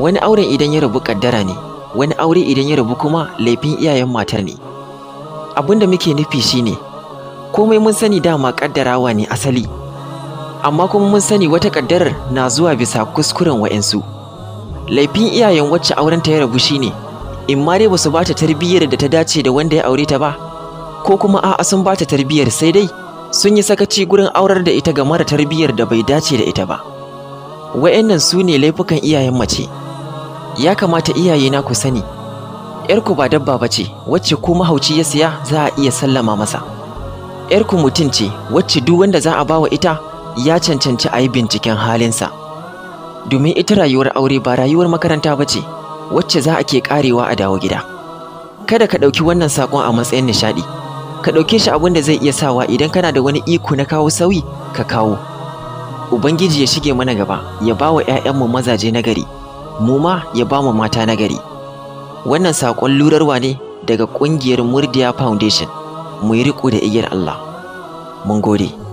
wani auren idan ya rabu kaddara ne wani aure idan ya rabu kuma laifin iyayen matar ne abinda muke nufi shine komai mun sani dama kaddarawa ne asali amma kuma mun sani wata kaddarar na zuwa bisa kuskuren wa'ensu laifin iyayen wacce auren ta ya rabu shine in ma dai basu bata tarbiyyar da ta dace da wanda ya aure ta ba ko kuma a'a sun bata tarbiyyar sai dai sun yi sakaci gurin aurar da ita ga mara tarbiyyar da bai dace da ita ba wa'annan su ne laifukan iyayen mace ya kamata iyaye na ku sani yarku ba dabba ba ce wacce ko mahauci ya siya za a iya sallama masa yarku mutum ce wacce duk wanda za a bawa ita ya cancanci a yi binciken halinsa domin ita rayuwar aure ba rayuwar makaranta bace wacce za a ke karewa a dawo gida kada ka ɗauki wannan saƙon a matsayin nishaɗi ka ɗauke shi abin da zai iya sawa idan kana da wani iko na kawo sauyi ka kawo ubangiji ya shige mana gaba ya bawa 'ya'yanmu mazaje na gari. mu ma ya ba mu mata nagari. wannan saƙon lurarwa ne daga ƙungiyar murdiya foundation mu yi riko da igiyar allah mun gode